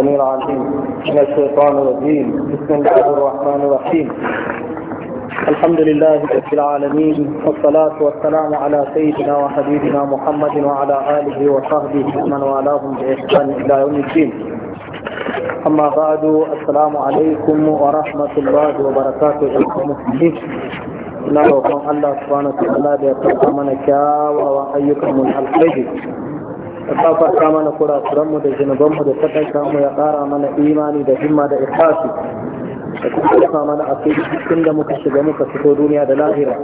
السميع العليم من الشيطان الرجيم بسم الله الرحمن الرحيم الحمد لله رب العالمين والصلاة والسلام على سيدنا وحبيبنا محمد وعلى آله وصحبه ومن والاهم بإحسان إلى يوم الدين أما بعد السلام عليكم ورحمة الله وبركاته أيها المسلمين لا الله سبحانه وتعالى بيتقى من كاوى وأيكم الخير ya kafarta mana kurakuranmu da zunubanmu da takaita mu ya ƙara mana imani da himma da ikhlasi da kuma ɗauka mana a cikin da muka shiga muka fito duniya da lahira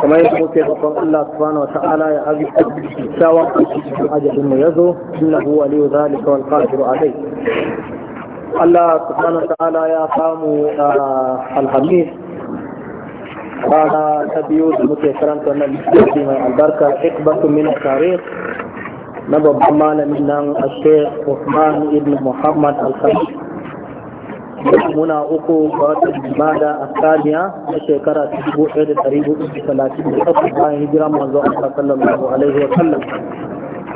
kamar yadda muke roƙon Allah subhanahu wata'ala ya azurta kyakkyawan cikin ajalin mu yazo innahu waliyu zalika wal qadiru alai Allah subhanahu wata'ala ya samu alhamis rana ta biyu da muke karanta wannan littafi mai albarka ikbatu min tarikh na babban malamin nan a sheikh Usman ibn Muhammad al-Khalid muna uku ga watan jimada a saniya na shekara 1438 bayan hijira manzo Allah sallallahu alaihi wa sallam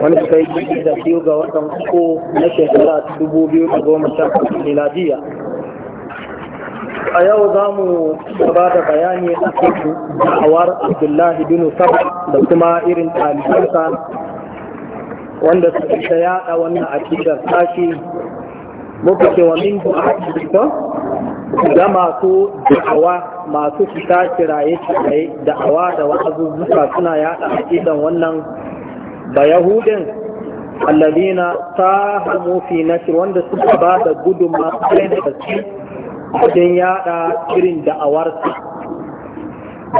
wani suka yi da biyu ga watan uku na shekara 2018 miladiya a yau za mu gabata bayani a cikin da'awar Abdullahi bin Saba da kuma irin ɗalibansa wanda suka yada wannan akidar tashi muka ce wa min du'a da masu da'awa masu fita kiraye kiraye da'awa da muka suna yada akidan wannan ba yahudin alladina hamu fi nashr wanda suka ba da gudunma sai da gaske wajen yada irin da'awarsa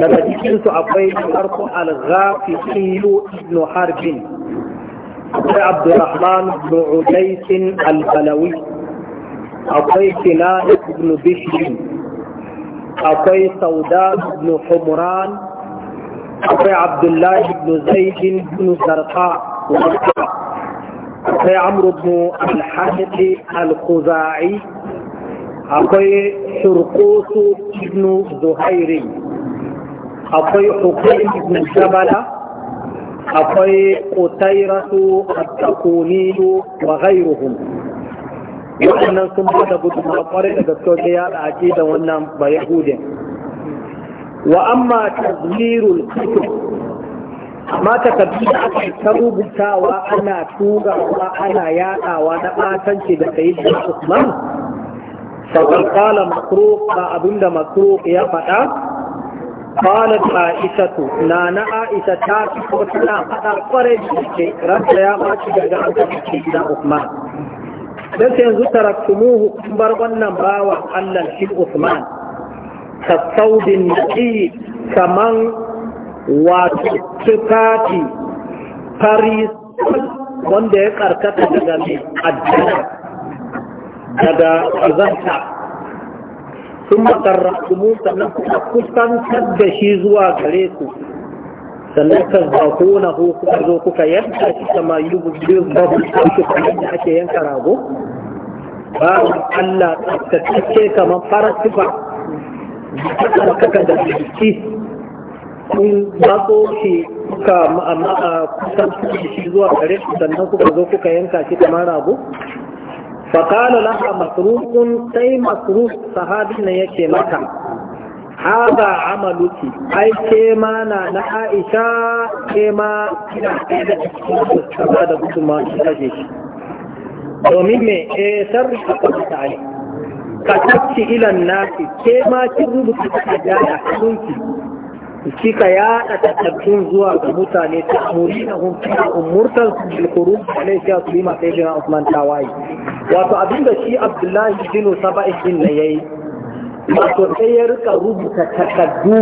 daga cikinsu akwai farko al-ghafi ibn harbin عبد الرحمن بن عجيس البلوي أقوي كلاب بن بشر أقوي سوداء بن حمران أقوي عبد الله بن زيد بن زرقاء أقوي عمرو بن الحارث الخزاعي أقوي شرقوس بن زهير أقوي حكيم بن جبله akwai a attakuniyu wa gairuhun waɗannan sun bada gudunmawa kwarai da gaske ya da ake da wannan ba yahudin wa amma tazmirul kutub amma tabi da aka ta rubutawa ana wa ana yaɗawa na ɓatanci da sayi da usman sabon kala makro ba abinda makro ya faɗa قالت عائشه لا نا عائشه تا فدا kware dike rabta ya baci daga alƙarfi da Uthman dan sai yanzu taraktumuhu kun bar wannan bawa Allah shi Uthman tasawbin nabi kaman wa tukati paris wanda ya karkata daga mai addana daga zanta kuma sarrafinmu sannan kuma kusan kadda shi zuwa gare ku sannan ka zafo na kuka zo kuka yanka shi kama yi bugbe babu shi kamar da ake yanka rago ba Allah tsaftace kamar fara sifa ba ta kaka da jiki kun zafo shi kuka kusan shi zuwa gare ku sannan kuka zo kuka yanka shi ta ma rago فقال لها مسروق سي مسروق صحابي ne yake mata haba amaluki ai ke ma na na Aisha ke ma kina da cikin da kuma shi kaje domin me eh sarri ka ta ai ka tacci ila nasi ke ma kin rubuta da ya kunki kika yaɗa takardun zuwa ga mutane ta amuri na hunkina umurtar bilkuru alai shi su yi masu jina Usman Tawayi. Wato abinda shi Abdullahi Jino Saba'in din na yayi. Wato sai ya rika rubuta takardu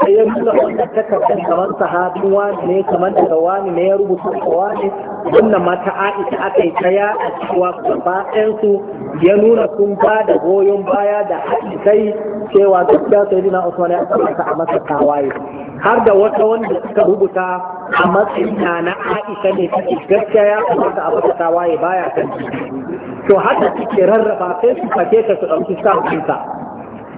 sai ya nuna wanda takardar kamar sahabin wani ne kamar daga wani ne ya rubuta da wani wannan mata aisha aka yi ta ya a cewa gaba ɗayansu ya nuna sun ba da goyon baya da haɗi kai cewa gaskiya sai dina usman ya tsarkaka a masa tawaye har da wata wanda suka rubuta a matsayin na aisha ne take gaskiya ya tsarkaka a masa tawaye baya kan to haka suke rarraba sai su fake ka su ɗauki sa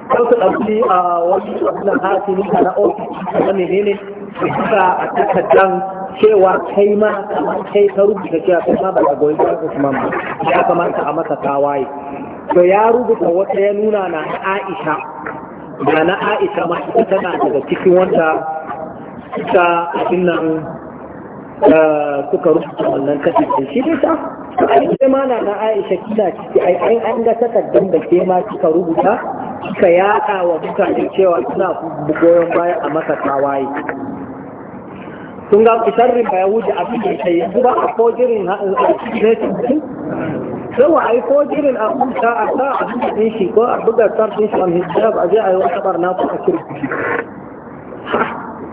ko su ɗauki a wani wannan hatimi na ofis na menene su suka a takaddan cewa kai ma kamar kai ta rubuta cewa kai ma ba ka goyi ba Usman ma ya kamata a masa tawaye to ya rubuta wata ya nuna na Aisha da na Aisha ma ita tana daga cikin wanda suka abin nan eh, suka rubuta wannan kasance shi ne ta ai ma na Aisha kina ciki ai an ga takaddan da ke ma kika rubuta suka yaɗa wa mutane cewa suna goyon baya a masa tawaye sun ga sharrin ba yahudi abin da ya yanzu ba a fojirin eh, ne Sai wa a yi fojirin a kusa a sa a cikin shi ko a buga sarfin shi on hijab a je a yi wata barna ko a kirki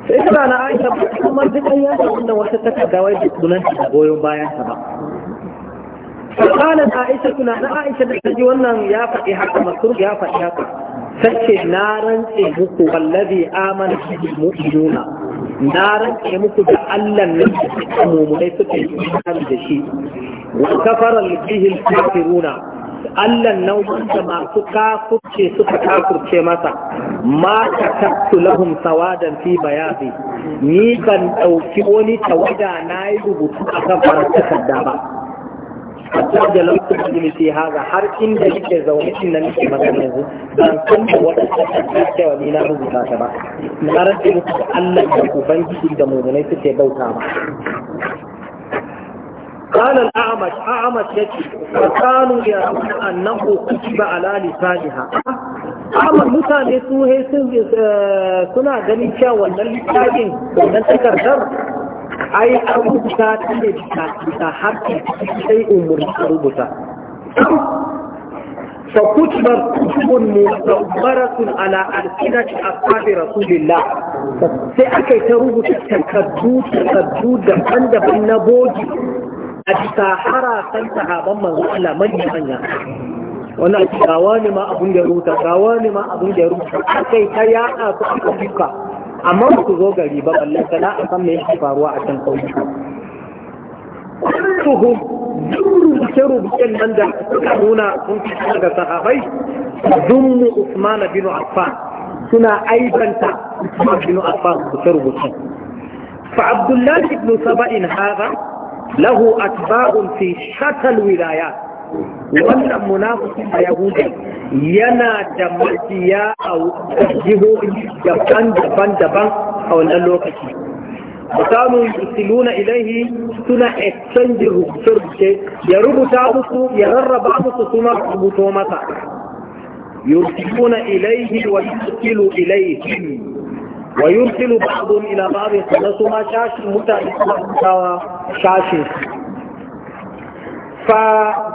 sai suna na aisha kuma duk an yanka wanda wata takarda wai da sunan goyon bayan ta ba فقالت عائشة كنا عائشة تجي وانا يا فقي حق مكروه يا فقي حق سكي نارا إبوك والذي آمن المؤمنون نارا إبوك جعلا نسكمهم ليس كيسان جشي وكفر فيه الكافرون Allah nau'in da masu kafurce suka kafurce masa ma katabtu lahum sawadan fi bayadi ni ban ɗauki wani tawada na yi rubutu a kan farar takarda ba hatta da da haza har inda yake zaune din nan yanzu ban san da wata ta cewa ni na rubuta ta ba na muku da Allah da ubangiji da mummunai suke bauta ba قال الأعمش أعمش يجي وقالوا يرون أنه كتب على لسانها أعمش mutane su سنة sun suna ganin cewa wannan littafin takardar ai an ta ne bisa bisa har ta sai umurni ta rubuta fa mu kutubun mustabaratun ala a ashabi rasulillah sai aka ta rubuta takardu takaddu da banda banna bogi a bisa hara san sahaban manzo Allah manyan manya wannan ga wani ma abin da rubuta ga wani ma abun da rubuta sai ta yaka ku duka amma ba ku zo gari ba balle sana a san me yake faruwa a can kauyuka kuhum duk rubuce-rubucen nan da suka nuna sun fi daga sahabai zummu Usman bin Affan suna aibanta Usman bin Affan rubuce-rubucen fa Abdullahi ibn Saba'in hada lahu atba'un fi shatal wilayat wannan munafikin a yahudi yana da maciya a jihohi daban-daban daban a wannan lokaci samu yusiluna ilaihi suna exchange rubuce ya rubuta musu ya rarraba musu suna rubuto masa yusiluna ilaihi wa yusilu ilaihi wa yursilu ba'dhum ila ba'd sanasuma shashin mutane suna rubutawa shashin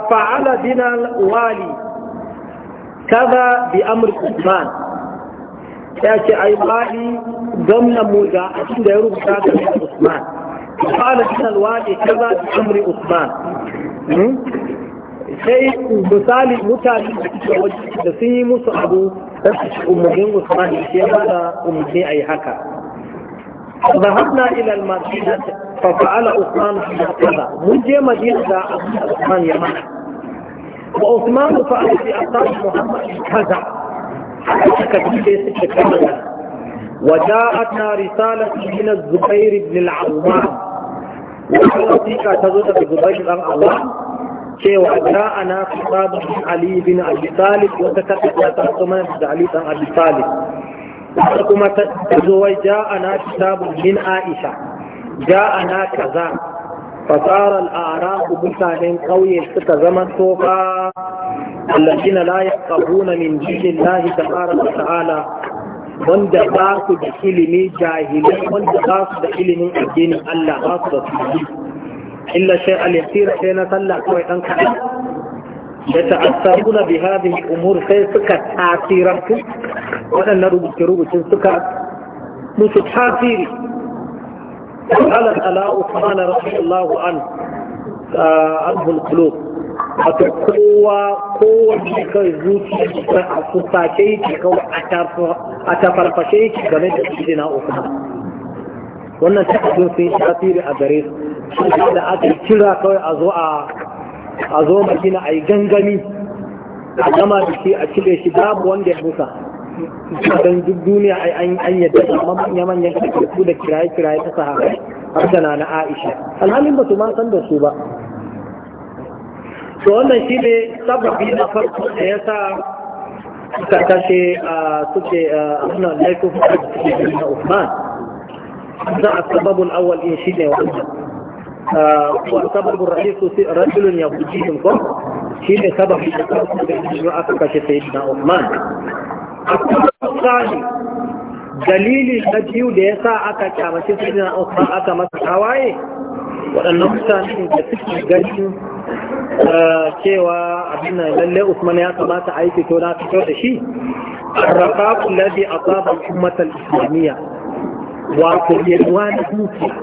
فعل بنا الوالي كذا بأمر a يأتي أي والي ضمن موجة عند يروب كذا عثمان فعل بنا الوالي كذا بأمر عثمان sai misali mutane da sun yi musu abu da su umarnin Usman ya ba da umarni a yi haka. Zahabna ilal madinati ففعل عثمان من مجيما مدينه عثمان يمان وعثمان فعل في أطار محمد كذا حتى كذلك يتكلم وجاءتنا رسالة من الزبير بن العوام وحلطيك تزوج بزبير بن العوام كي وجاءنا كتاب علي بن أبي طالب وتكتب لتحكمنا بن علي بن أبي طالب وحكمت كتاب من عائشة ja'ana kaza fasara al'araku mutanen ƙauye suka zama tofa allazina la yaqabuna min dinillahi tabaraka wa ta'ala wanda ba su da ilimi jahilai wanda ba su da ilimin addinin Allah ba su da su illa shay al yasir sai na sallah kawai dan kaɗan da ta'assaruna bi hadhihi umur sai suka tasirantu waɗannan rubuce-rubucin suka musu tasiri قال الألاء عثمان رضي الله عنه عنه القلوب wato kowa kowane kai zuci a fusace yake kawai a tafarfashe yake game da shi na Usman wannan takardun sun tasiri a gare su da aka kira kawai a zo a zo makina a yi gangami a gama da shi a cire shi babu wanda ya musa don duk duniya an yadda amma manya-manyan karfi da kiraye-kiraye ta sahabai har da na Aisha alhalin ba su ma san da su ba to wannan shi ne sababi na farko da ya sa suka kashe suke suna laifin hukumar na Usman za a sababin awal in shi ne wannan والسبب الرئيس رجل يهودي منكم شيء سبب aka kashe سيدنا Usman. akwai dalili na biyu da ya sa aka kyamace su da ofa aka masa hawaye waɗannan mutane da suke ganin eh, cewa abin lalle Usman ya kamata a yi fito na fito da shi rafa kula da al-ummata al-islamiyya wato yalwa na dukiya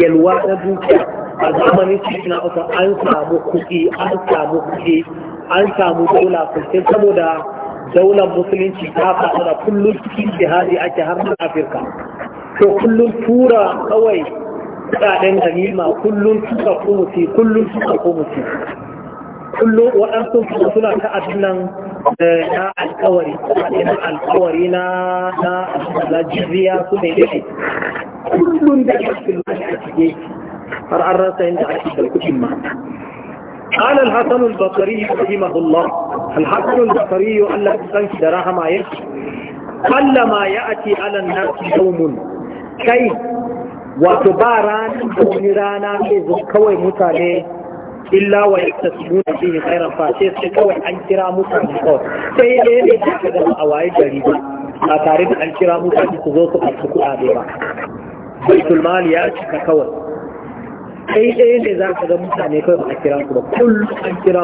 yalwa na dukiya a zamanin cikin an samu kuɗi an samu kuɗi an samu dola kusur saboda daular musulunci ta da kullum cikin jihadi ake har na afirka to kullum tura kawai kudaden ganima kullum suka kumusi kullum suka kumusi kullum waɗansu suna ta abin nan na alkawari na alkawari na na Najeriya su ne ne kullum da ya fi har an rasa yadda ake da kuɗin ma قال الحسن البصري رحمه الله الحسن البصري الله تسنش دراها ما يكشف قل ما يأتي على الناس يوم كي وتباران ونرانا كيزو كوي متاني إلا ويكتسبون فيه خيرا فاشيس كوي أنكرا متاني كوي سيدي يجب أن أوائي جريبا أتعرف أنكرا متاني كوزوتو أتكو آبي بيت المال يأتي كوي kai ɗaya ne za ka ga mutane kai ba a kira ku ba kullum an kira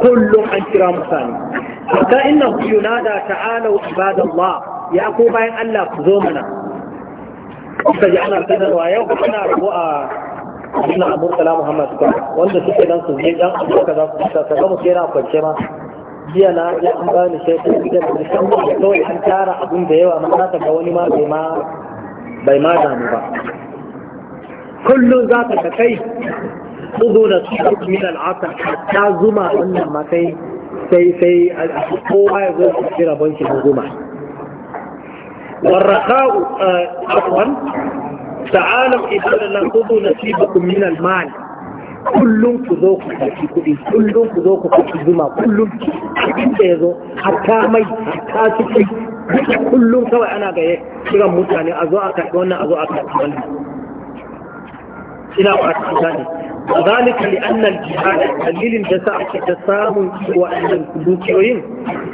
kullum an kira mutane hatta inna hu yunada ta'ala ibadallah ya ko bayan Allah ku zo mana kuka ji ana sanarwa yau ana rabu a ina abu sala muhammad ba wanda suke nan su je dan abu kaza su ta kaga mu kera kwance ma jiya na ya an ba ni sai da kawai an tara abin da yawa ma na ga wani ma bai ma bai ma damu ba kullum za ka kai kudu da su min al'asar ta zuma wannan matai sai sai kowa ya zo su kira banki na zuma warraka eh, afwan ta'alam idan na kudu na su bakun min al-mal kullum ku zo ku karfi kuɗi kullum ku zo ku karfi zuma kullum abin da ya zo hatta mai hatta ciki kullum kawai ana ga shigan mutane a zo a karfi wannan a zo a karfi wannan ina ba ka gane zalika li anna al jihad dalilin da sa ake da samun wa annan dukiyoyin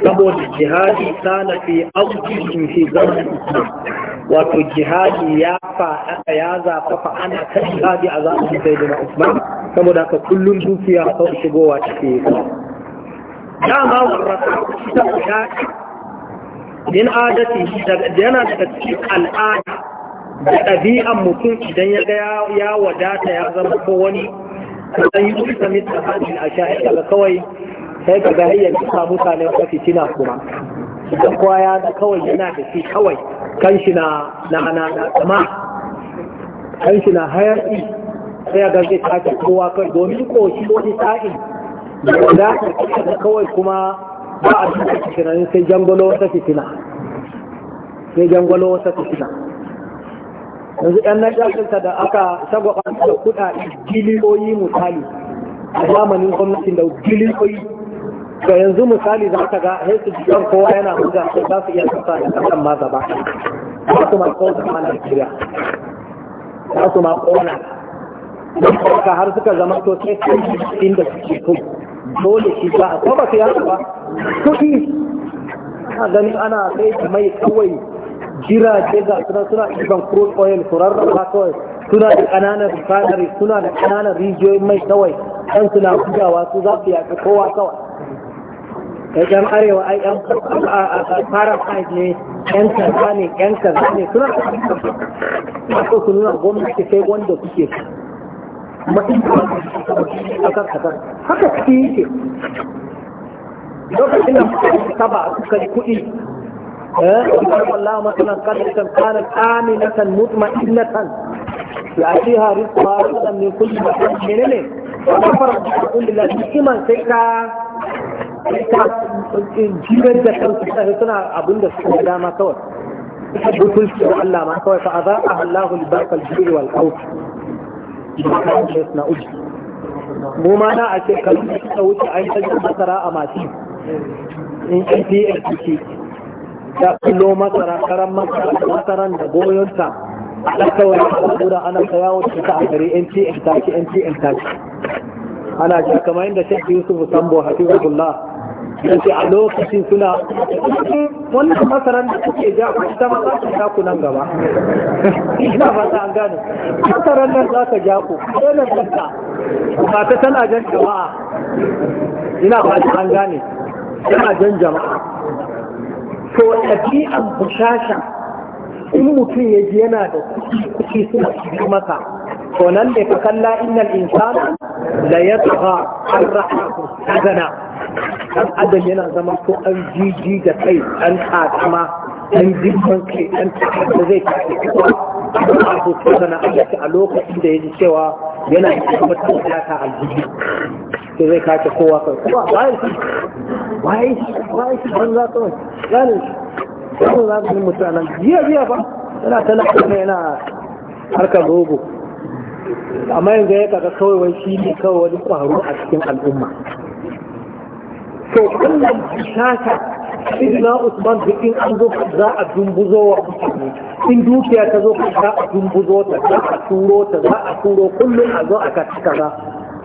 saboda jihad kana fi awji fi zaman wato jihad ya fa ya zafa fa ana kan jihad a zamanin usman saboda ka kullun dukiya sau shigowa take dama warraka ta shaki din adati daga yana daga cikin al'ada da ɗabi'an mutum idan ya ga ya wadata ya zama ko wani sai yi kusa mita hajjin a sha daga kawai sai ka ga hayyar kusa mutane wata fitina kuma da kowa ya da kawai yana da shi kawai kan shi na na na kama kan shi na hayarki sai ga zai tashi kowa kai domin shi wani sa'in da wadata da kawai kuma ba a cikin tunanin sai jangolo wata fitina sai jangolo wata fitina yanzu yan najasarsa da aka shagwaba da kuɗaɗe biliyoyi misali a zamanin gwamnatin da biliyoyi ga yanzu misali za ka ga sai su jikin kowa yana buga sai za su iya kasa da kasan ma gaba za su ma kawo zama Najeriya za su ma kona don ka har suka zama to sai kan inda suke so dole shi ba a kwaba su yasa ba kuɗi ana ganin ana sai mai kawai jirage ga suna suna ɗiban crude oil su da kawai suna da ƙananan refinery suna da ƙananan rijiyoyin mai kawai ɗan suna gudawa su za su yaƙi kowa kawai kai ɗan arewa ai ɗan parasite ne ɗan kaza ne ɗan kaza ne suna da so su nuna gwamnati sai wanda suke haka suke yake lokacin da suka saba suka yi kuɗi ضرب الله مثلا قرية كانت آمنة مطمئنة يأتيها رزقها رزقا من كل مكان منين وكفرت بكل الذي إيمان سيكا jibar da kansu sai suna abin da suka dama kawai butul su da Allah ma kawai fa azaka Allahu al-barkal jiri wal khawf na uji mu ma na a ce kalmar ta wuce an ta masara a mati in ji PLCC ta kullo masara karan masara masaran da goyonta ana kawai a kura ana kayawo ta ta a gari mtn taki mtn taki ana ji kamar yadda shekki yusuf sambo hafizullah da ce a lokacin suna wannan masaran da kuke ja ku ita ma za ta ja ku nan gaba ina ba ta an gane masaran nan za ta ja ku ɗanar kanta ba ta tana jan jama'a ina ba ta an gane tana jan jama'a to ɗabi'an bushasha in mutum ya ji yana da kuɗi suna shiga masa to nan da ka kalla innal insana la yatgha an ra'ahu azana dan adam yana zama ko an jiji da kai an takama an jibban kai an takama zai tafi abu sana ayyaka a lokacin da ya ji cewa yana da kuma ta aljihu sai zai kace kowa kan kowa bayan shi bayan shi bayan shi ban za kawai ganin shi kuma za su yi mutanen jiya jiya ba yana ta na ne yana harkar rogo amma yanzu ya kaga kawai wai shi ne kawai wani kwaro a cikin al'umma to wannan shaka na usman duk in an zo za a dumbuzo wa mutane in dukiya ta zo za a dumbuzo ta za a turo ta za a turo kullum a zo a kaci kaza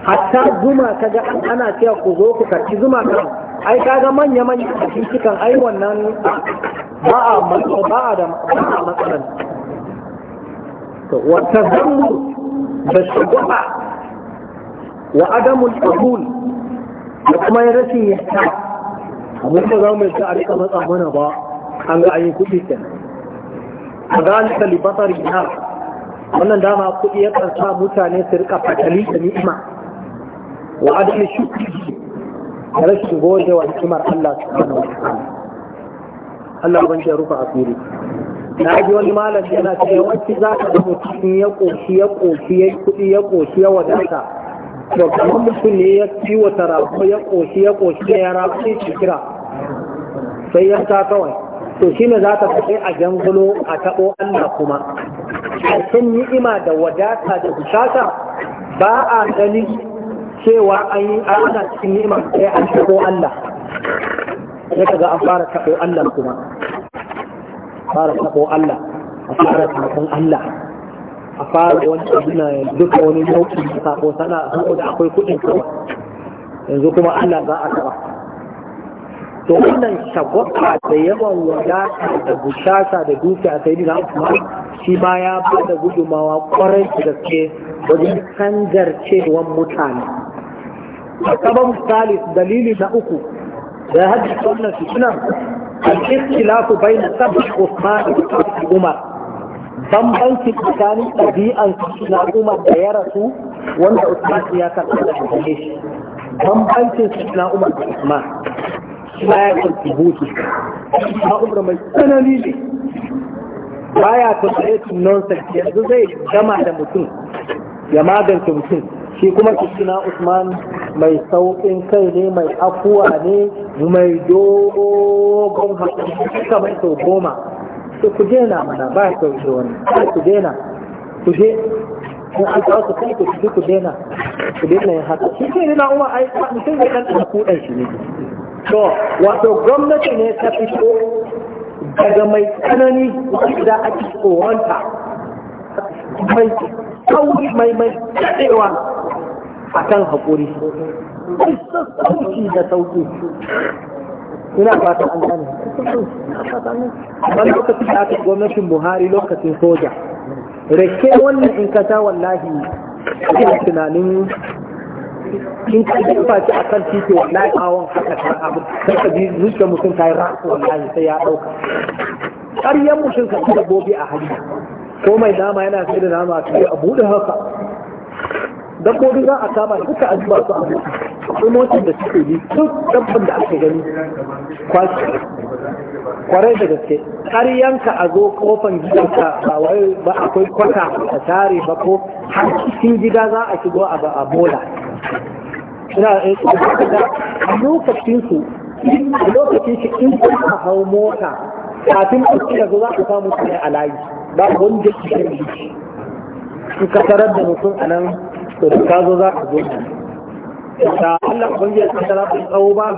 hatta zuma ga, ana cewa ku zo ku kaci zuma kan ai kaga manya manya a cikin ai wannan ba a ba a da matsalan to wa tazammu da shugaba wa adamul qabul da kuma rashin yahta amma ba za mu yi a rika matsa mana ba an ga ayi kuɗi kenan a zalika libatar yana wannan dama kuɗi ya karsa mutane su rika fatali da ni'ima wa adali shuɗi. da rashin gode wa ni'imar Allah subhanahu wa ta'ala Allah ban ya rufa asiri na ji wani malam yana cewa wacce za ka ga mutum ya ƙoshi ya ƙoshi ya kuɗi ya ƙoshi ya wadata da kuma mutum ne ya ci wata rafu ya ƙoshi ya ƙoshi ya rafu shi kira sai ya ta kawai to shine ne za ta fi a jangulo a taɓo Allah kuma a yi ima da wadata da bishata ba a gani cewa an yi ana cikin ni'ima sai an taɓo Allah ya kaga an fara taɓo Allah kuma fara taɓo Allah a fara taɓon Allah a fara wani abin duka wani nau'in da sako sana saboda akwai kuɗin kawai yanzu kuma Allah za a taɓa to wannan shagwaba da yawan wadata da bushasa da dukiya sai na kuma shi ma ya ba da gudumawa kwarai da gaske wajen canjarcewan mutane sabon salis dalili na uku da ya haddasa wannan fitinan al-ikhtilafu bayna sab'i Uthman wa Umar bambanci tsakanin ɗabi'an na umar da ya rasu wanda usman ya karɓa da gare shi bambancin na umar da usman shi ya baya kontributi na umar mai tsanani ne baya kontributin nonsense yanzu zai gama da mutum ya magance mutum shi kuma na usman mai sauƙin kai ne mai afuwa ne mai dogon hakuri kamar sau goma to ku daina mana ba ya kyau wani ba ku daina ku je in an kawo wasu kai ku ji ku daina ku daina yin haka shi ke na umar ai mutum zai dan ku dan shi ne to wato gwamnati ne ta fito daga mai tsanani da ake tsoronta mai kauri mai mai tsadewa a kan haƙuri. Sauki da sauki. ina fata an gane amma lokacin da aka gwamnatin buhari lokacin soja rake wannan in ka sha wallahi ina tunanin in ka yi faci a kan titi wallahi awon haka ta abu sai ka bi zuciya mutum ta yi rasu wallahi sai ya ɗauka ƙaryen mutum ka ci dabbobi a hali, ko mai nama yana sai da nama a buɗe haka dabbobi za a kama duka a su a motsin da suke bi duk dabban da ake gani kwashi kwarai da gaske har yanka a zo kofan gidanka ba wai ba akwai kwata a tare ba ko har cikin gida za a shigo a bola eh, ina a lokacin su a lokacin shi in ka hau mota kafin ku ci za ku samu su a layi ba wanda ke shi ka tarar da mutum a nan to da ka zo za ka zo da Allah ubangiji ya tsara ta tsawo ba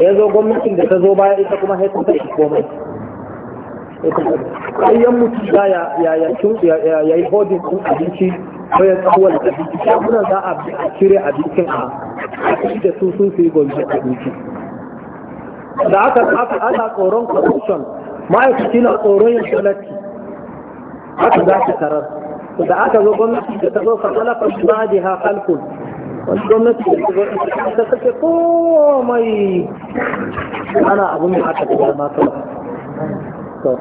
ya zo gwamnatin da ta zo baya ita kuma sai ta tafi komai ayyan mutum za ya ya ya yi hodin ɗin abinci ko ya tsawon abinci shagunan za a cire abincin a cikin da su sun su yi gwamnati abinci da aka aka ana tsoron corruption ma'aikaci na tsoron yin shalatti haka za ka tarar da aka zo gwamnati da ta zo fasalafa ma jiha halkun wani gwamnati da ta sake komai ana abin da aka tabar masu to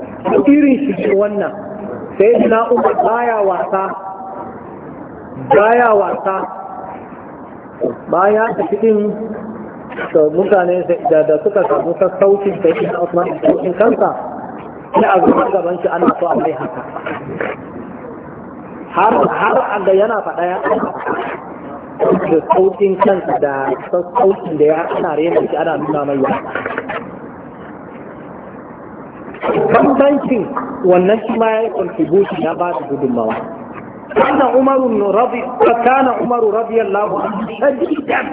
irin shi wannan sai na umar baya wasa baya wasa baya a cikin to mutane da suka samu da yi na usman da kansa sai a gaban shi ana so a mai haka har a ga yana faɗa ya da sautin kansa da sautin da ya ana rena shi ana nuna mai ya bambancin wannan shi ma ya yi contribution na ba da gudunmawa kana umaru rabi kana umaru radiyallahu anhu shadidan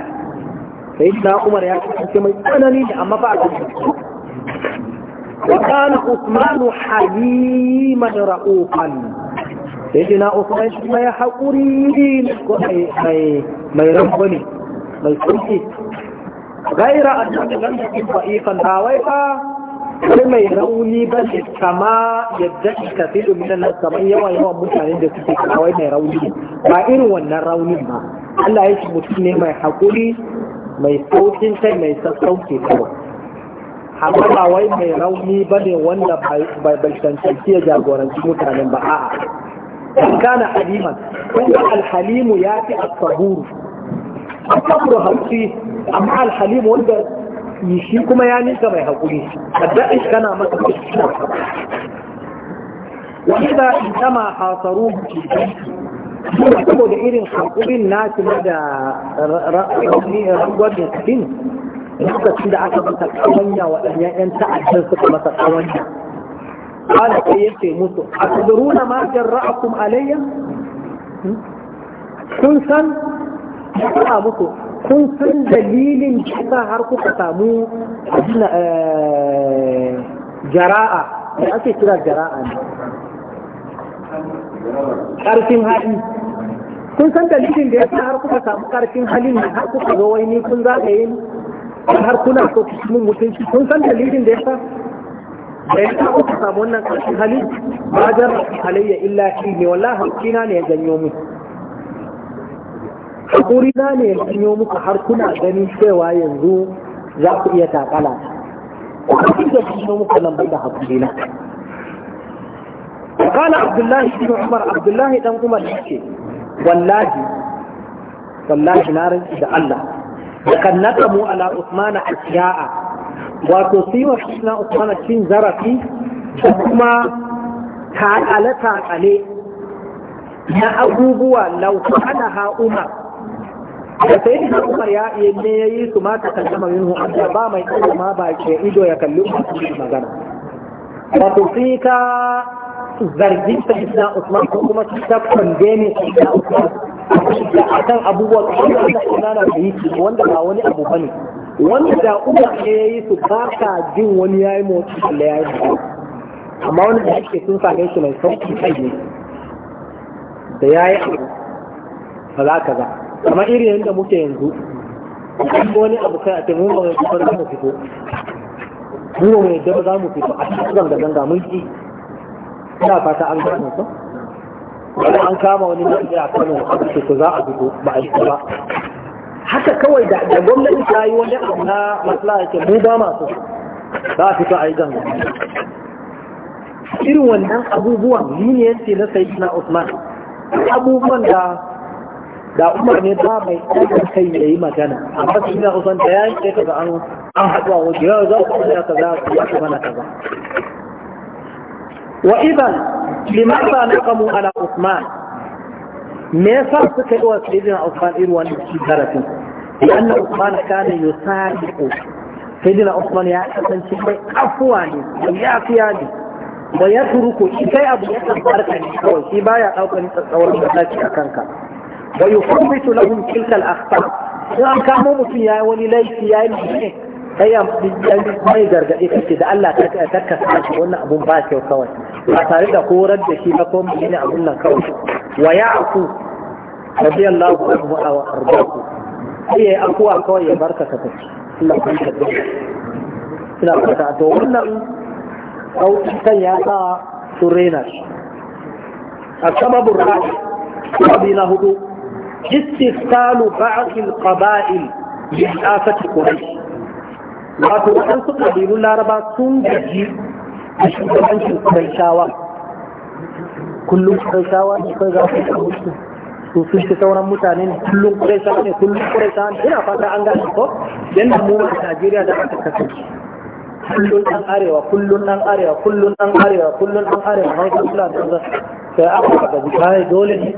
sai na umar ya kasance mai tsanani da amma fa a wa kana usmanu haliman ra'ufan sai jina usman shi mai haƙuri ko mai rambo mai tsunki gaira a cikin gandakin ba'ifan ba wai fa sai mai rauni ba ne kama yadda ka fi dominan nan kamar yawan yawan mutanen da suke kawai mai rauni ba irin wannan raunin ba Allah ya ce mutum ne mai haƙuri mai saukin kai mai sassauke kawai Haka ba wai mai rauni ba ne wanda bai cancanci ya jagoranci mutanen ba a'a كان حليما كان الحليم ياتي الصبور الصبر هقي اما الحليم وانت يشي كما يعني كما يهقولي الدائش كان مكتب وإذا انتما حاصروه في saboda يجب haƙurin nasu na da رأسهم da kafin lokacin da aka masa kawanya waɗannan 'yan ta'addar suka قال كيف موسو أتدرون Kun san علي كن Kun san dalilin كن سن دليل samu jara'a. تامو جراءة kira jara'a ne. ƙarfin hali kun san dalilin da ya sa har kuka samu ƙarfin hali da har kuka ga ni kun za yi har kuna so ku mun mutunci kun san dalilin da ya sa da ya ku samu wannan ƙarshen hali ba jar halayya illa shi ne wallahi hakina ne ya janyo mu hakuri na ne ya janyo muku har kuna gani cewa yanzu za ku iya takala hakuri da janyo muku nan banda hakuri na قال عبد الله بن عمر عبد الله بن Wallahi يحكي والله والله نار إذا الله وقد نقموا على عثمان أشياء wato su yi wa na usman cin zarafi da kuma takale-takale na abubuwa lauka ana ha'uma da sai da umar ya ne ya yi su mata kallama yin hu'adda ba mai ma ba ke ido ya kalli magana wato sun yi ta zargin ta isna usman ko kuma ta ne su isna usman a kan abubuwa da ana kanana da yi wanda ba wani abu ne wanda da uba ne ya yi su ba ka jin wani ya yi motsi da ya yi motsi amma wani da ake sun same shi mai sauƙi kai ne da ya yi abu ba za ka ba kamar irin yadda muke yanzu kan wani abu kai a ce mun ba mai kufar za mu fito mun ba mai dama za mu fito a cikin zanga zanga mun ki ina fata an gano su wani an kama wani mutum a kano a cikin za a fito ba a yi ba haka kawai da gwamnati ta yi wani abu na maslaha ke buba masu za a fito a yi ganga irin wannan abubuwan leniency na sayi na usman abubuwan da da umar ne ba mai ɗaukar kai ya yi magana amma su na usman da ya yi sai kaga an an haɗuwa wajen yau za su ya kaza su ya kuma na kaza wa idan limasa na kamu ala usman me yasa suka yi wa sayyidina Usman irin wannan shi zarafi لأن عثمان كان يسارق سيدنا عثمان يا حسن شيخ عفواني ويعفياني ويترك شيء أبو يتفارقني كوي شيء ما يأوكني تتصور بذلك أكانك ويثبت لهم تلك الأخطاء إن كانوا مكيا وليلي سياي مكيا sai mai gargaɗi kake da Allah ta taka sashi wannan abun ba kyau kawai ba tare da horar da shi ba ko mene abun nan kawai wa ya'fu رضي الله عنه وارضاه هي اقوى قوي بركه لا قد السبب الرئيسي الذي له استثقال بعض القبائل بحاسة قريش وقد أنت قبيل العربة سنجي بشكل عنش القريشاوة كل القريشاوة يقول ذلك su sun fi sauran mutanen kullum kuraisa ne kullum kuraisa ne ina fata an gane ko yanda mu a Najeriya da aka kasance kullum dan arewa kullum dan arewa kullum dan arewa kullum dan arewa har su kula da zan sai aka ga bukai dole ne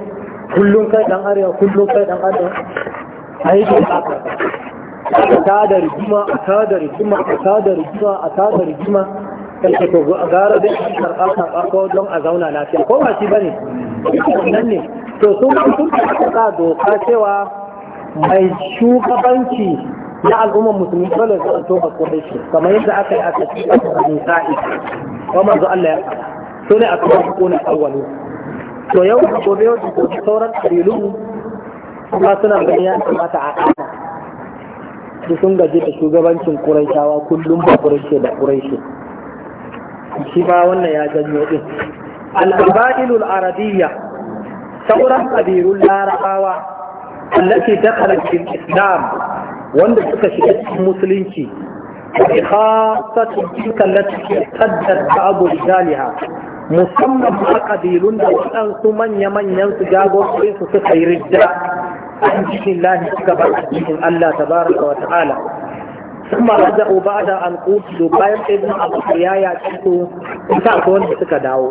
kullum kai dan arewa kullum kai dan arewa ai da haka aka tada rigima a tada rigima a tada rigima a tada rigima kai to gara da karɓa karɓa ko don a zauna lafiya ko ba shi bane wannan ne to sun sun sa doka cewa mai shugabanci na al'ummar musulmi dole su to a kodai shi kamar yadda aka yi aka ci a cikin sa'i ko manzo Allah ya faɗa so ne a kuma kona awwalu to yau da gobe yau da gobe sauran kabilu kuma suna ganin ya kamata a kana su sun gaji da shugabancin kuraishawa kullum ba kuraishe da kuraishe shi ba wannan ya janyo din al-abailul arabiyya sauran ƙabilun larabawa allati ta kalakin islam wanda suka shiga cikin musulunci bi khasatun tilka allati taddat ba'du rijaliha musamman ma ƙabilun da waɗansu manya-manyan su jagororin su suka yi ridda an cikin lahi suka bar cikin Allah tabaraka wa ta'ala ثم رجعوا بعد أن قتلوا بايم ابن أبو حيايا كنتوا كنتوا suka dawo.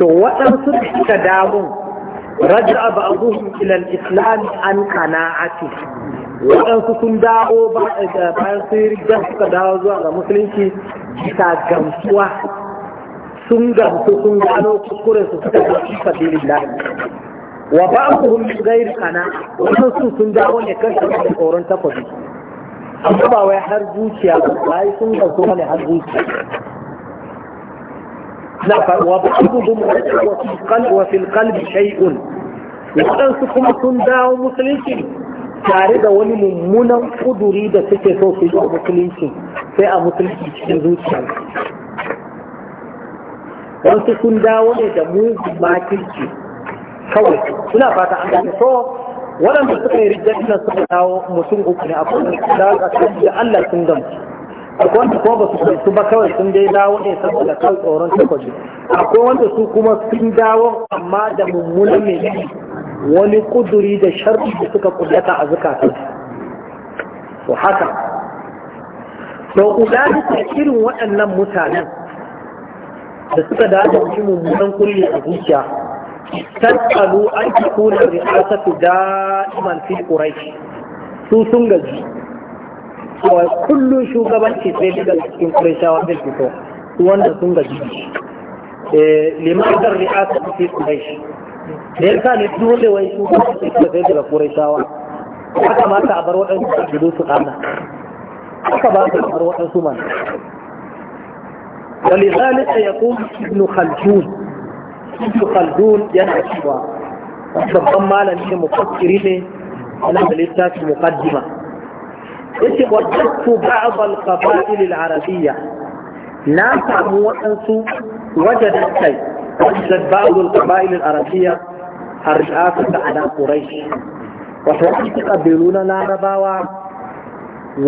to waɗansu da suka dawo. raja'a ba'dhum ila al-islam an qana'ati waɗansu sun dawo bayan sun rigar suka dawo zuwa ga musulunci bisa gamsuwa sun gamsu sun gano kuskuren su suka gamsu sabilillah wa ba ba'dhum ghayr qana'a waɗansu sun dawo ne kan tsoron takwabi amma ba wai har zuciya ba sun gamsu ne har zuciya na وبعضهم وفي القلب وفي القلب شيء waɗansu kuma sun dawo musulunci tare da wani mummunan kuduri da suke so su yi a musulunci sai a musulunci cikin zuciya wasu sun dawo ne da mugun makirci kawai suna fata an gane so waɗanda suka yi rijiyar suka dawo mutum uku ne a kuma da Allah sun gamsu akwai wanda ko ba su kwanci ba kawai sun dai dawo ne saboda kan tsoron takwabi akwai wanda su kuma sun dawo amma da mummunan mai wani kuduri da sharri da suka kudata a zukatan to haka to udalika irin waɗannan mutanen da suka dace shi mummunan kulli a zuciya tasalu an takuna ri'asatu da'iman fi quraish su sun gaji kullum shugabanci sai daga cikin kurashawa zai fito wanda sun gaji eh, limatar ri'asa ta fi kuraishi da yasa ne dole wai shugabanci sai daga kurashawa haka ma a bar waɗansu a gudu su ɗana haka ba a bar waɗansu man ولذلك يقول ابن khaldun ابن khaldun yana cewa babban malam ne mufassiri ne ana da littafin muqaddima yace wajadtu ba'd al-qaba'il al-arabiyya na samu waɗansu wajadat kai wajadat ba'd al-qaba'il al-arabiyya arja'atu ala quraish wato wasu kabilu na larabawa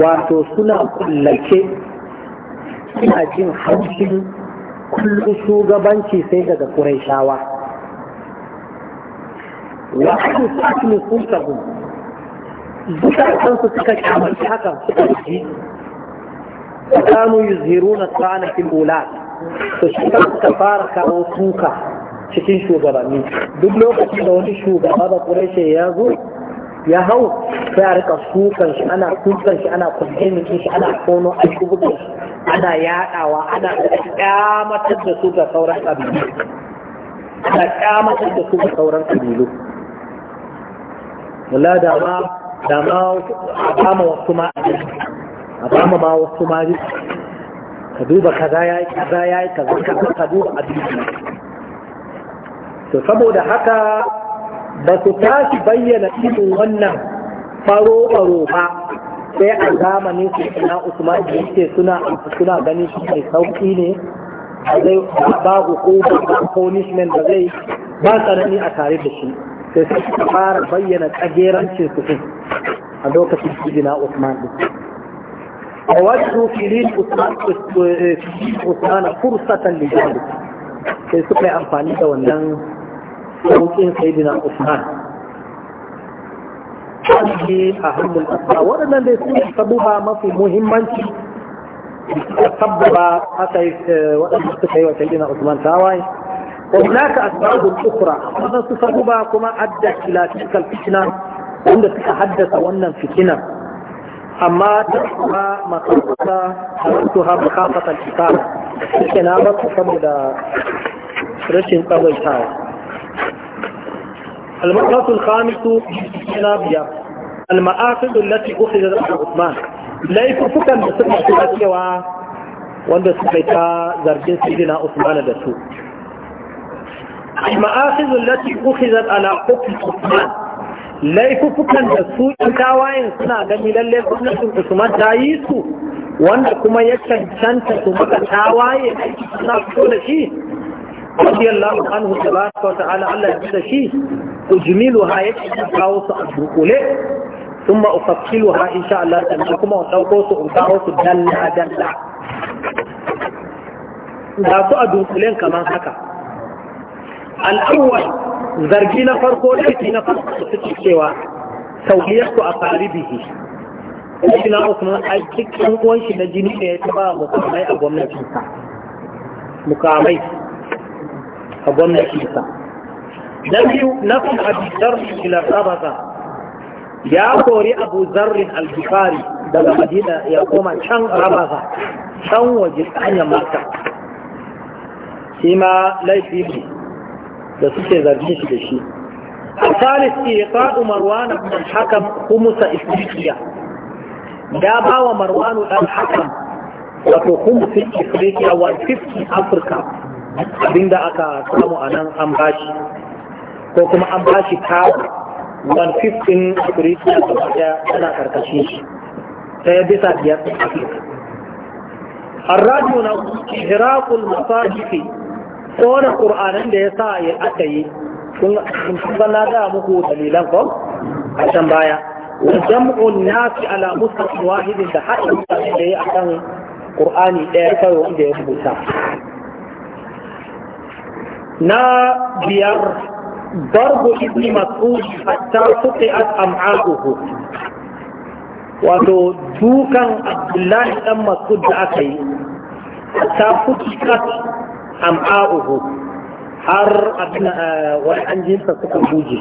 wato suna kullace suna jin haushin kullum shugabanci sai daga quraishawa wa hadu sa'atu sultahu zukatan su suka kyamaci hakan suka ji kanu yuzhiruna tsana fil ulad to shi suka fara kawo kuka cikin shugabanni duk lokacin da wani shugaba da kureshe ya zo ya hau sai a rika sukan shi ana sukan shi ana kwanjin shi ana kono a kubukin shi ana yadawa ana kyamatar da su ga sauran kabilu ana kyamatar da su ga sauran kabilu wala da ma da ma a wasu ma a bama ma wasu ma ka duba kaza ya yi kaza ya yi kaza kaza ka duba abinci to saboda haka ba su tashi bayyana irin wannan faro-faro ba sai a zamanin su suna usman da yake suna suna gani shi mai sauki ne zai ba hukuma ba punishment da zai ba tsanani a tare da shi sai suka fara bayyana tsagerancin su din a lokacin sidina Usman din ووجدوا في لين Usman a فرصة لذلك sai suka yi amfani da wannan sauƙin sayidina Usman wani a hannun asba waɗannan dai su sabuba mafi muhimmanci sabuba aka yi eh, waɗanda suka yi wa sayidina Usman tawaye وهناك أسباب أخرى هذا تصرفها كما أدت إلى تلك الفتنة وأن تتحدث وأن فتنة أما تحتها مخافة تركتها مخافة الكتاب كنابة تصمد رشن قبل شاء المقصد الخامس كنابية المآخذ التي أخذت على عثمان لا يكفك أن تسمع في الأسيوة وأن تسمع زرجين سيدنا عثمان دسوق المآخذ التي أخذت على حكم عثمان laifukan da su tawayen suna gani lalle gwamnatin Usman ta yi su wanda kuma ya cancanta su maka tawaye suna fito da shi radiyallahu anhu tabaraka wa ta'ala Allah ya da shi ujmilu ha yake kawo su a dukule thumma ufassilu ha insha Allah ta'ala kuma wa su in kawo su dalla dalla su kamar haka al'awwal zargi na farko laifi na farko suke cewa sauyiyarsu a talibihi shi na usman a cikin uwan na jini ne ya taba mukamai a gwamnatinsa mukamai a gwamnatinsa na biyu na kun abisar ila sabata ya kori abu zarrin albifari daga madina ya koma can rabaza can waje hanyar maka shi ma laifi ne da suke zargin shi da shi الثالث إيقاع مروان بن الحكم خمس إفريقيا da ba wa marwanu dan hakan wato kumfin afirka wa fifty afirka abinda aka samu a nan an bashi ko kuma an bashi kawo one fifteen afirka da wata karkashin shi ta ya bisa biyar afirka الراديو na إحراق المصاحف kona ƙur'anin da ya sa yi aka yi sun kusan na gaya muku dalilan ko a can baya jam'un nasi ala mustaqim wahidin da haɗin da ya akan ƙur'ani ɗaya kawai wanda ya rubuta na biyar darbu ibn mas'ud hatta suqi'at uku, wato dukan abdullahi dan mas'ud da aka yi hatta suqi'at am'a'uhu har eh, wani an jinsa suka buje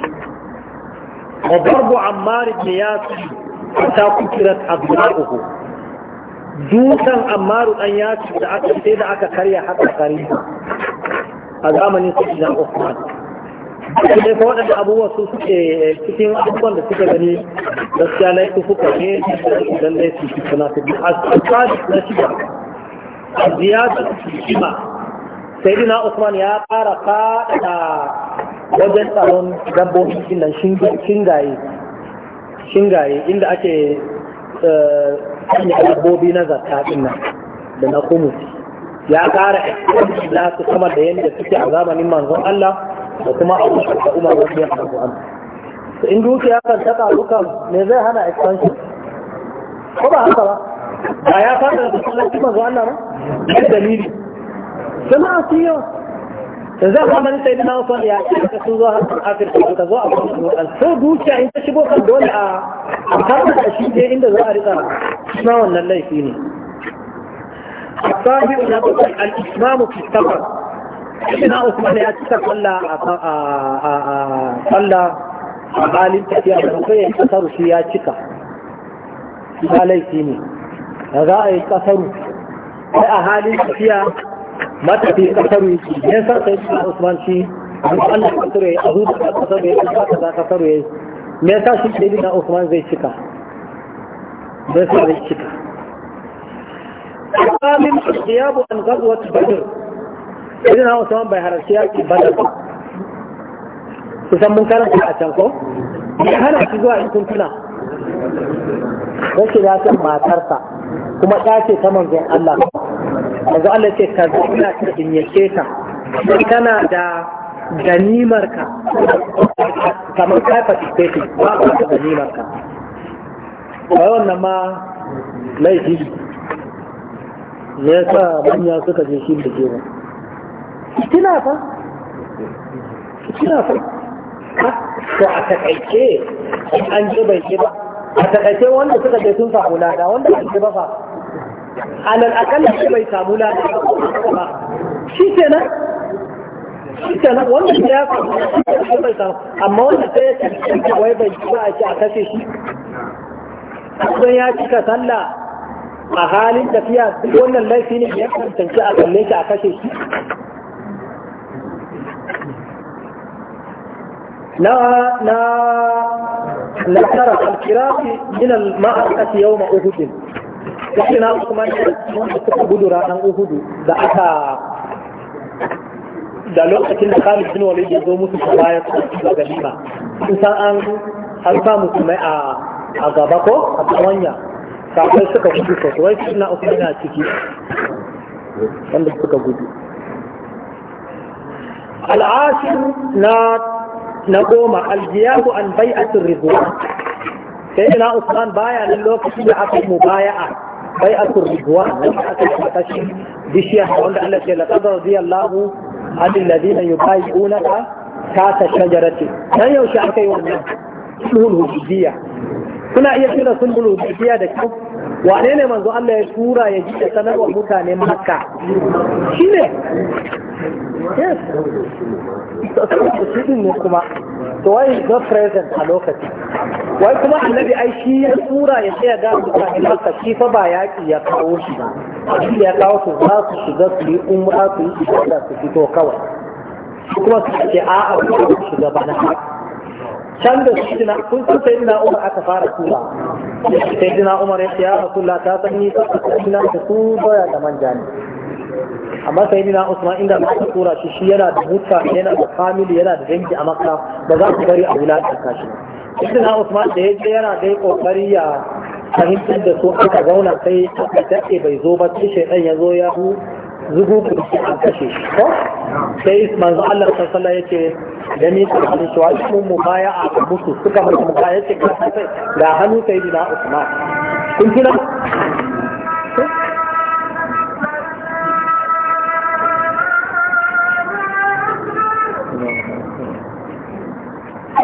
wa barbu ammar ibn yasir ta kukirat abna'uhu dukan ammaru dan yasir da aka sai da aka karya haka kare a zamanin su sayyidina Uthman su dai waɗanda abubuwa su suke eh, cikin abubuwan da suka gani gaskiya laifi suka ne idan laifi suna fi a tsari na shida a ziyarta su shima sayyidina usman ya ƙara faɗaɗa wajen tsaron dabbobin nan shingaye shingaye inda ake eh, sanya dabbobi na zakka nan da na kumus ya ƙara da su kamar da yadda suke a zamanin manzon Allah da kuma a abu da umar wasu ya faru an in dukiya kan ta dukan me zai hana expansion ko ba haka ba ba ya fara da kuma zuwa nan ba dalili كمعصية إذا قبل سيدنا وصل يا أخي الله آخر كذا الحدود يعني تشبه الدول أكثر آه، الأشياء دي عند ظاهرها ما ولا الله فيني الطاهر الإسلام في السفر سيدنا عثمان يا أخي صلى آه، آه، صلى halin tafiya da kai ya kasaru shi ya cika ba laifi ne za a yi matafi kasar ne san sai shi Usman shi Allah kasar tsare abu da kasar ya ka da kasar ya me yasa shi da da Usman zai cika Me sai zai cika kamin qiyabu an ghazwat badr idan Usman bai halarci ki badr kusan mun karanta a can ko kana shi zuwa in kuntuna? tuna da ya matarsa kuma ta ce ta manzon Allah yanzu Allah ce ka ina ka dinyace ka kana da ganimar ka kamar ka fatice ki ba ka da ganimar ka wai wannan ma laifi ne yasa manya suka je shi da ke ba kina fa kina fa ko a takaice an je bai ke ba a takaice wanda suka je sun fa'ula da wanda bai ke ba fa alal akalla shi bai samu lafiya ba shi kenan shi kenan wannan ya samu shi bai samu amma wannan sai ya ce wai bai a ce a kashe shi don ya cika sallah a halin tafiya ne ya a a kashe shi لا لا لا ترى الكراف من المعركة يوم أهد sai na Usman da suka gudu ranar Uhudu da aka da lokacin da Khalid bin Walid ya zo musu ta baya su ga ganima in san an an samu kuma a a gaba ko a tsawanya kafin suka gudu ko wai sai na Usman na ciki wanda suka gudu na na العاشر نقوم الجياب عن بيعة الرضوان سيدنا baya lokacin da aka mu baya'a bai a turbuwa wanda aka yi kashin bishiya wanda Allah ce laƙadar radiyallahu adin ladina yi bayi ƙunaka ta ta shajarati nan yaushe aka yi wannan sulhul kuna iya kira sulhul da kyau wane ne manzo Allah ya tura ya ji da sanarwar mutane maka? shi ne yes shi ne kuma to why is not present a lokaci wai kuma annabi ai shi ya tura ya tsaya ga mutane maka? shi fa ba yaƙi ya kawo shi ba shi ya kawo su za su shiga su yi umra su yi ibada su fito kawai kuma su ce a'a ku shiga bana can da su kun san sai dina umar aka fara tura sai dina umar ya ce ya rasulla ta san ni ina da su doya da manja ne amma sai dina usman inda ma aka tura shi shi yana da mutta yana da family yana da dangi a makka Ba za ku bari a wulaƙanta shi sai dina usman da ya je yana dai kokari ya fahimtar da su aka zauna sai ta daɗe bai zo ba sai shaidan ya zo ya zuhu da an kashe ko sai manzo Allah sallallahu alaihi yace da ni ta hadin su wa'ismu mubaya a musu suka mutu mubaya ce ka sai da hannu sai dina Usman kun kina Sai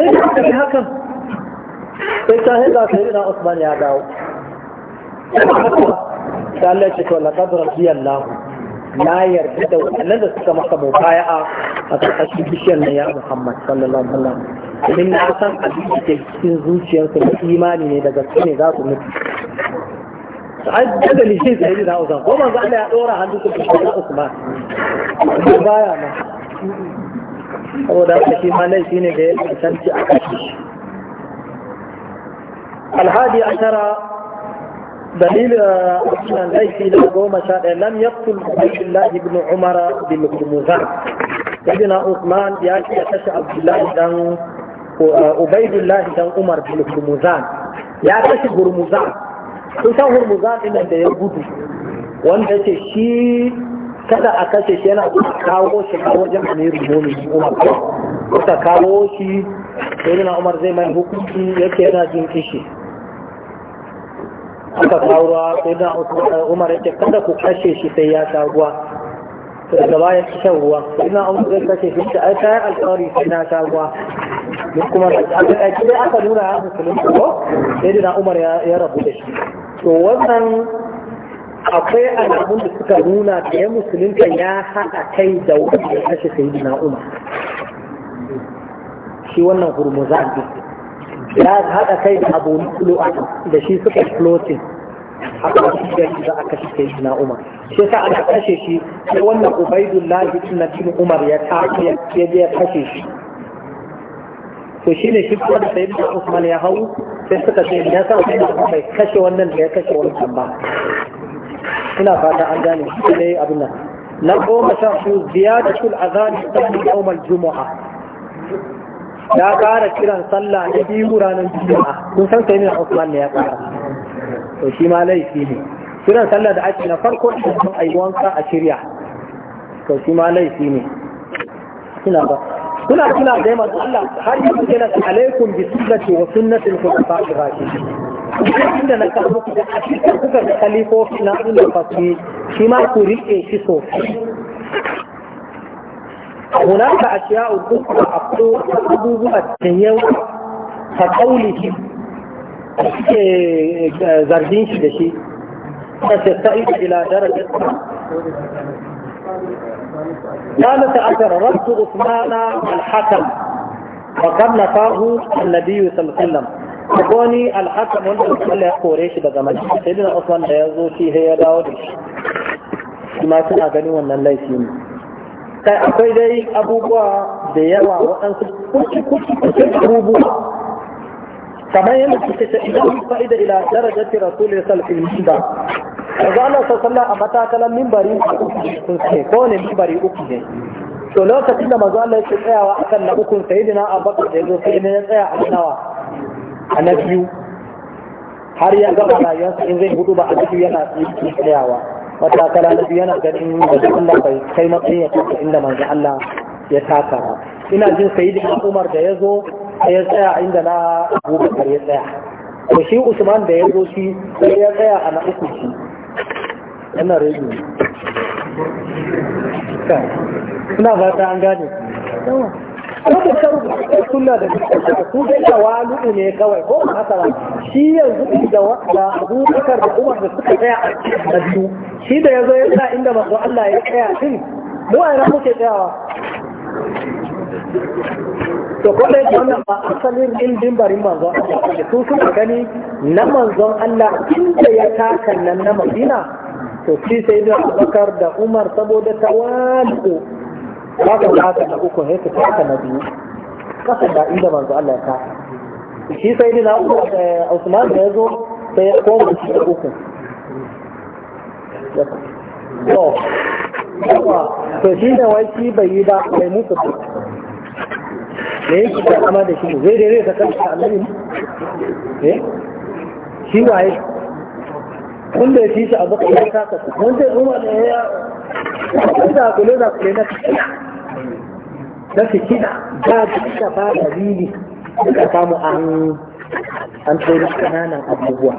da aka yi sai ta haɗa sai dina Usman ya dawo. Sai Allah ce to laqad radiyallahu na yarda da waɗannan da suka maka mubaya'a a ƙarƙashin bishiyar na ya Muhammad sallallahu alaihi wasallam domin na san abin da ke cikin zuciyarsu na imani ne daga su ne za su mutu ai daga ne shi sai da Usman ko manzo Allah ya dora hannu su da Usman ko baya ma saboda shi ma laifi ne da ya tsanci a kashi الهادي عشرة دليل أن ليس إلى قوم شاء لم يقتل عبد الله بن عمر بالخمزان سيدنا عثمان يأتي يتشع عبد الله بن عبيد الله بن عمر بالخمزان يأتي هرمزان kusan hurmuzan ɗin da ya gudu wanda ce shi kada a kashe shi yana kawo shi a wajen amirul mu'minin Umar suka kawo shi sai umar zai mai hukunci yake yana jin kishi aka kawo ruwa sai na umar yake ce kada ku kashe shi sai ya sha ruwa to daga baya ki shan ruwa sai na umar zai kashe shi ta ai kayan alkawari sai na sha ruwa duk kuma a takaice dai aka nuna ya musulun ko sai na umar ya rabu da shi to wannan akwai alamun da suka nuna da ya musulunta ya haɗa kai da wanda ya kashe sai na umar shi wannan hurmuzan duk ya haɗa kai da abu lu'a da shi suka floating haka shi da za a kashe sai na umar shi yasa aka kashe shi sai wannan ubaidullah ibn nabi umar ya tafi ya je ya kashe shi to ne shi kuma da da usman ya hau sai suka ce ya sa sai da bai kashe wannan da ya kashe wannan ba ina fata an gane shi ne abin nan na goma sha su ziyadatul azan ta yawm al-jumu'ah ya ƙara kiran sallah na biyu ranar juma'a sun san sai ne Usman ne ya ƙara to shi ma laifi ne kiran sallah da ake na farko idan ai wanka a shirya to shi ma laifi ne kina ba kuna kuna da yamma Allah har yanzu na alaikum bi sunnati wa sunnati al-khulafa'i ar-rashidin inda na kawo ku da kuka da khalifofi na ulul fasli shi ma ku rike shi sosai هناك أشياء أخرى أبوها الدنيا فقوله زردين شيء شيء فتستعيد إلى درجة ثالث عشر رد عثمان الحكم وقد نفاه النبي صلى الله عليه وسلم وقوني الحكم وانت الله قريش ده زمان سيدنا عثمان ده يزو شيء هي داود ما سنا غني wannan laifi ne kai akwai dai abubuwa da yawa waɗansu kuci kuci kuci abubuwa kamar yadda suke ta idan fa'ida ila darajati ne salfin minda yanzu ana sassalla a matakalan mimbari sun ne ko ne mimbari uku ne to lokacin da mazu Allah yake tsayawa akan na ukun sayidina abubakar da yazo sai ya tsaya a nawa a na biyu har ya gaba rayuwarsa in zai hudu ba a cikin yana tsayawa matakala na biyu yana ganin da Allah bai kai matsayin ya tuka inda manzo Allah ya taka ba ina jin sayyidina Umar da ya zo ya tsaya inda na Abubakar ya tsaya to shi Usman da ya zo shi sai ya tsaya a na uku shi yana rediyo ina fata an gane ko da ta sharu da sunna da ku da tawalu ne kawai ko haka shi yanzu da da Abu Bakar da Umar da suka tsaya a cikin shi da yazo ya sa inda manzo Allah ya tsaya din mu a ran muke tsayawa to ko dai wannan ba asalin din dimbarin manzo Allah su suka gani na manzon Allah inda ya taka nan na Madina to shi sai da Abubakar da Umar saboda tawalu ba ka taka na uku ne ka taka na biyu kasan da inda manzo Allah ya taka shi sai dina Usman da ya zo sai ya koma shi da uku to to shi da wai shi bai yi ba bai musu ba da yake da kama da shi zai dai zai ta kanta annabi eh shi waye kun da shi shi abu kai ta kasa mun da umar ne ya kun da kule da kule na kasa na kina ba duka ba dalili da samu an an tsoro kananan abubuwa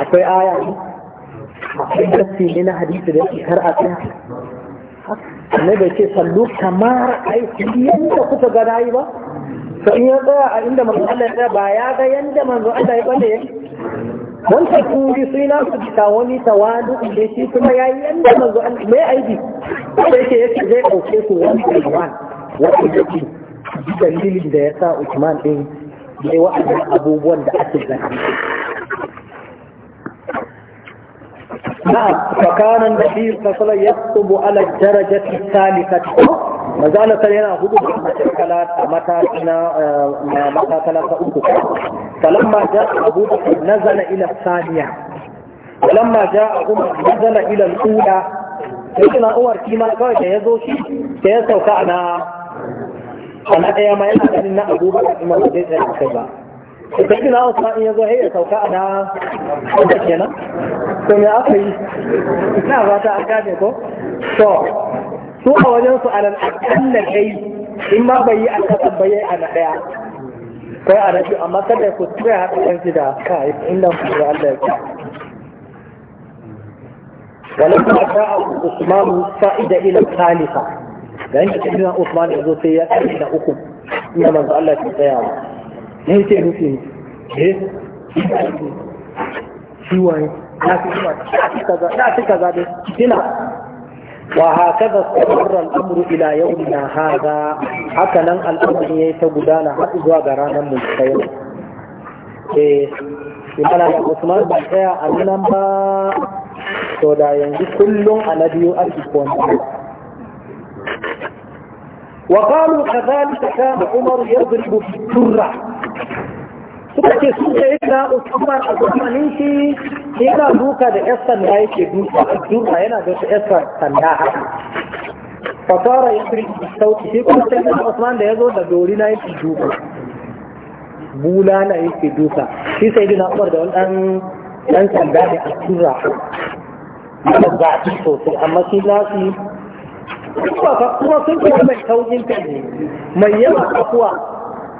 akwai aya akwai kasi ne na hadisi da ke kar a tsaya ne da ce sallu kamar aiki yadda kuka gada yi ba to in ya tsaya a inda manzo Allah ya ba ya ga yadda manzo Allah ya bane wanda kuri sai na su ta wani tawadu da shi kuma yayi yanda manzo Allah mai aiki sai yake yake zai dauke su wani tawad wanda yake dalilin da yasa Usman din yayi wa'annan abubuwan da ake zaki نعم فكان النبي صلى الله عليه وسلم يكتب على الدرجة الثالثة ما زال سينا هدوء متى متى ثلاثة أسس فلما جاء أبو بكر نزل إلى الثانية ولما جاء عمر نزل إلى الأولى سيدنا عمر كيما كوي سيزو شيء سيزو كأنا أنا أيما يلا أن أبو بكر إمام الجيش الكبار سيدنا عثمان يزو هي سوكأنا أنت كنا to me aka yi na ba ta aka gane ko to su a wajen su alal akalla dai in ma bai yi aka bai a na daya kai a rabi amma kada ku tura haɗa kan da kai inda ku ga Allah ya ولما جاء عثمان فائد الى الثالثه لان سيدنا عثمان يقول سيئه الى Allah ya الله في القيامه ce ne فيه ايه شو na fi zuwa na fi kaza da fitina wa ila sabarra al'amru ila yawmina hadha haka nan al'amri yayi ta gudana har zuwa ga ranar mu ta yau eh imana da Usman ba tsaya a nan ba to da yanzu kullum a na biyu ake kwanta za كذلك كان عمر يضرب في الدره suka ce su da yi da Usman a zamanin shi yana duka da ƴan sanda yake duka duka yana da ƴan sanda haka fasara ya fi sauki shi kuma sai da Usman da ya zo da dori na yake duka bula na yake duka shi sai dina Umar da wani dan sanda ne a tura da zafi sosai amma shi lafi kuma sun kuma mai saukin kai ne mai yawa kafuwa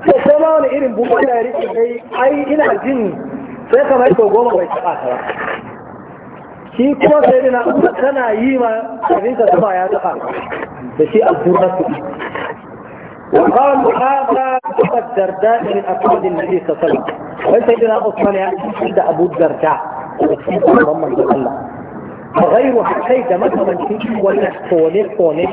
ko irin buɗe da rike kai ai ina jin sai kamar ko goma bai taɓa ta ba shi kuma sai dina kana yi ma abin ka zama ya taɓa da shi a turnatu وقال هذا أبو الدرداء من أفراد النبي صلى الله عليه وسلم وسيدنا عثمان سيد أبو الدرداء وغير حكيت مثلا في ولا فوني فوني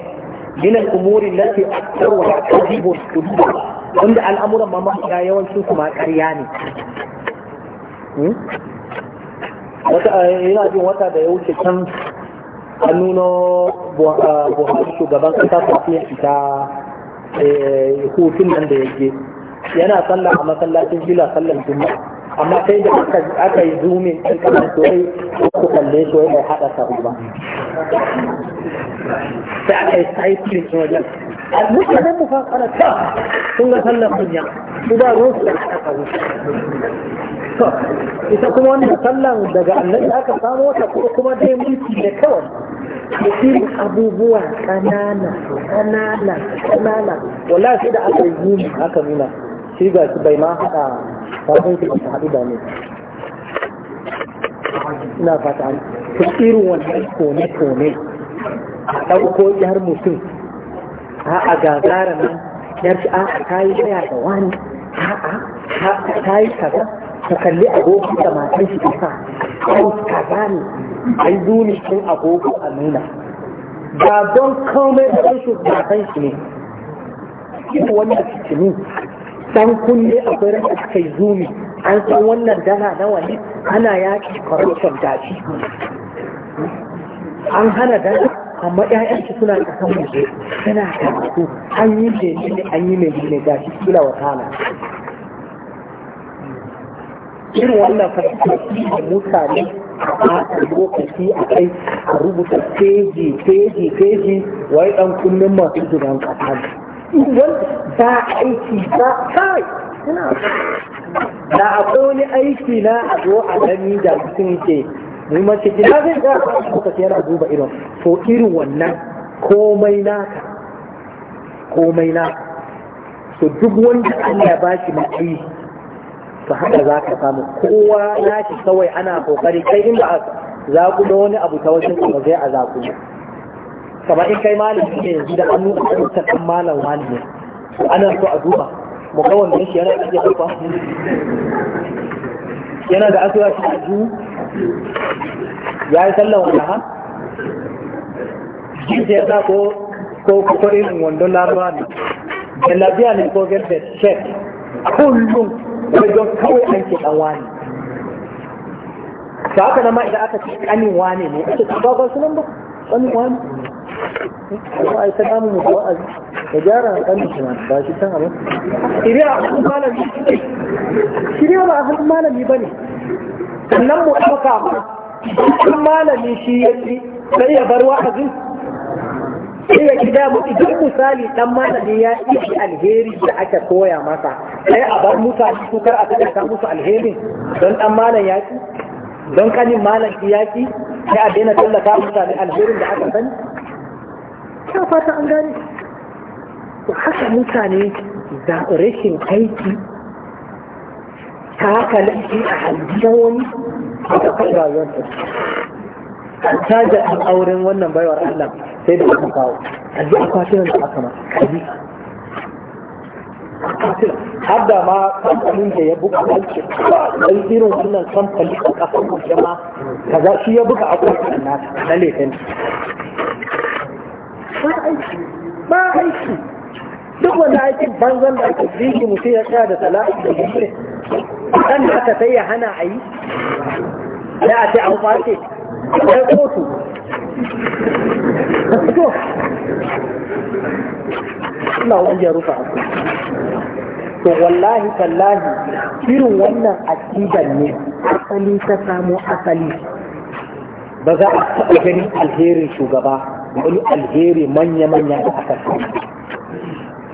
من الأمور التي أكثر تجيب السلوك wanda al'amuran ma mafiya yawancin kuma ƙarya ne yana hmm? eh, jin wata da ya wuce can an nuna eh, buhari shugaban ƙasa tafiya fita eh, hutun nan da ya yana sallah a masallacin jila sallan juma'a amma sai da aka yi zumin ɗin kamar soyayya ko kalle ya haɗa sahu ba sai aka yi saifin wajen mutanen mu fa karanta sun ga sallar kunya su ba ruwan su da aka kawo to ita kuma wannan sallan daga annabi aka samo wata ko kuma dai mulki ne kawai da irin abubuwan kanana kanana kanana wallahi sai da aka yi yuni aka nuna shi ga shi bai ma hada kafin su ba haɗu da ne ina fata an irin wannan kone kone a ɗauko yar mutum a a gagara nan yar shi a ta yi waya da wani a a ta yi kaza ta kalli agogo da matan shi isa kan kaza ne a yi duni cikin agogo a nuna ba don komai da rashin matan shi ne cikin wannan fitinin dan kunne akwai ran da suka yi zumi an san wannan dana nawa ne ana yaki corruption da shi an hana dana amma ƴaƴanki suna kasan waje suna karatu an yi ne an yi mai ne ga shi kila wata irin wannan fasiki da mutane a lokaci a kai a rubuta teji teji teji wai dan kunnen masu zuban kasa ba aiki ba kai da akwai wani aiki na a zo a gani da mutum ke muhimmanci ina zai ga ce yana duba irin to irin wannan komai naka komai naka to duk wanda Allah ya bashi matsayi to haka za ka samu kowa ya ci kawai ana kokari kai in ba za ku da wani abu ta wajen kuma zai a zaku kamar in kai malami ne yanzu da hannu a ɗaukar ɗan malam wani ne ana so a duba mu ga wannan shi yana da asuwa yana da shi a ya yi wa wani ha jinta ya ko ko ko irin wando larabawa ne da labiya ne ko garda shek kullum wajen kawai an ke dan wani ta haka nama idan aka ce kanin wani ne ake ta babar sunan ba kanin wani a yi ta damu mu wa'azi ya gyara kanin shi ba shi can abin shirya a hannun malami shirya ba a hannun malami ba ne sannan mu ɗauka idan malami shi ya ci sai ya bar wa'azin sai ya gida mu idan misali dan malami ya ci alheri da aka koya masa sai a bar mutane su kar a taɓa musu alheri don dan malam ya ci don kanin malam ya ci sai a daina tallata mutane alherin da aka sani ta fata an gane haka mutane da rashin aiki ta haka laifi a halittar wani a kafar rayuwar ta ta da auren wannan baiwar Allah sai da aka kawo a ji akwatunan da aka masa kaji har da ma kamfanin da ya buga alki dan irin wannan kamfani a kasar jama kaza shi ya buga akwatunan nasa na laifin ba aiki ba aiki duk wanda aikin banzan da ake ziki mutum ya tsaya da sala'a da gine dan da aka sai ya hana a yi da a ce an kwace sai kotu to Ina wani ya rufa to wallahi tallahi irin wannan aqidan ne asali ta samo asali ba za a taɓa ganin alherin shugaba wani alheri manya-manya da aka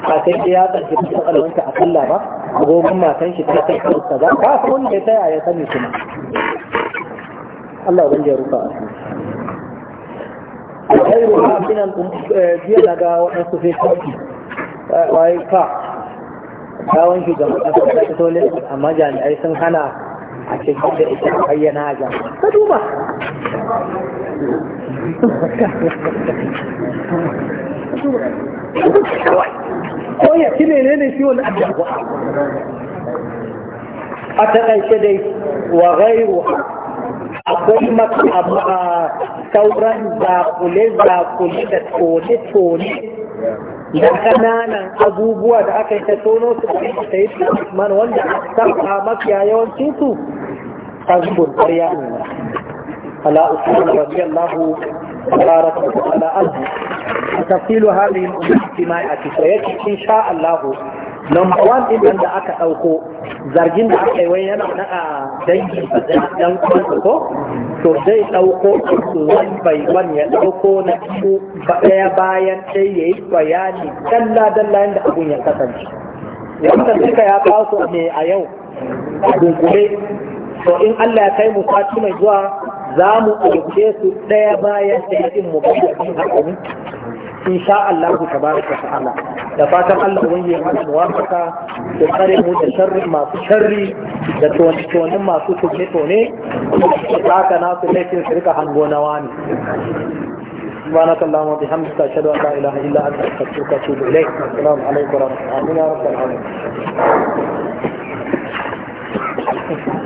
ba sai dai ya tsarki ta tsakalwanta a kalla ba gogon matan shi ta kai kansa ba ba su wani ya taya ya sani kuma Allah ban ya rufa a su kai ruwa binan eh, jiya na ga waɗansu sai kawai eh, kwaye ka gawon shi ga matasa da ta tole amma jami'ai sun hana a cikin da ita a bayyana a jami'a ta duba Thank you. ko ya ci menene shi wani abu a dai wa akwai maka sauran zakule-zakule da tone-tone da kananan abubuwa da aka yi ta tono su da ta yi man wanda a saba mafiya yawancin su a zubin ƙarya ne ala usman radiyallahu تبارك وتعالى عنه تفصيل هذه الأمور فيما يأتي فيأتي إن شاء الله number one din nan da aka ɗauko zargin da aka yi wai yana na dangi dan kwanci ko to zai ɗauko wani bai wani ya ɗauko na su ɗaya bayan sai ya yi bayani dalla dalla yadda abun ya kasance wanda suka ya kawo ne a yau a dunkule to in Allah ya kai mu sati mai zuwa za mu ɗauke su ɗaya bayan da ɗin mu ga cikin haƙorin in sha Allah ku ta'ala da fatan Allah ya yi muwafaka da tsare mu da sharri masu sharri da tone masu tone tone da haka na laifin su rika hango na wani سبحانك اللهم وبحمدك اشهد ان لا اله الا انت استغفرك واتوب اليك السلام عليكم ورحمه الله وبركاته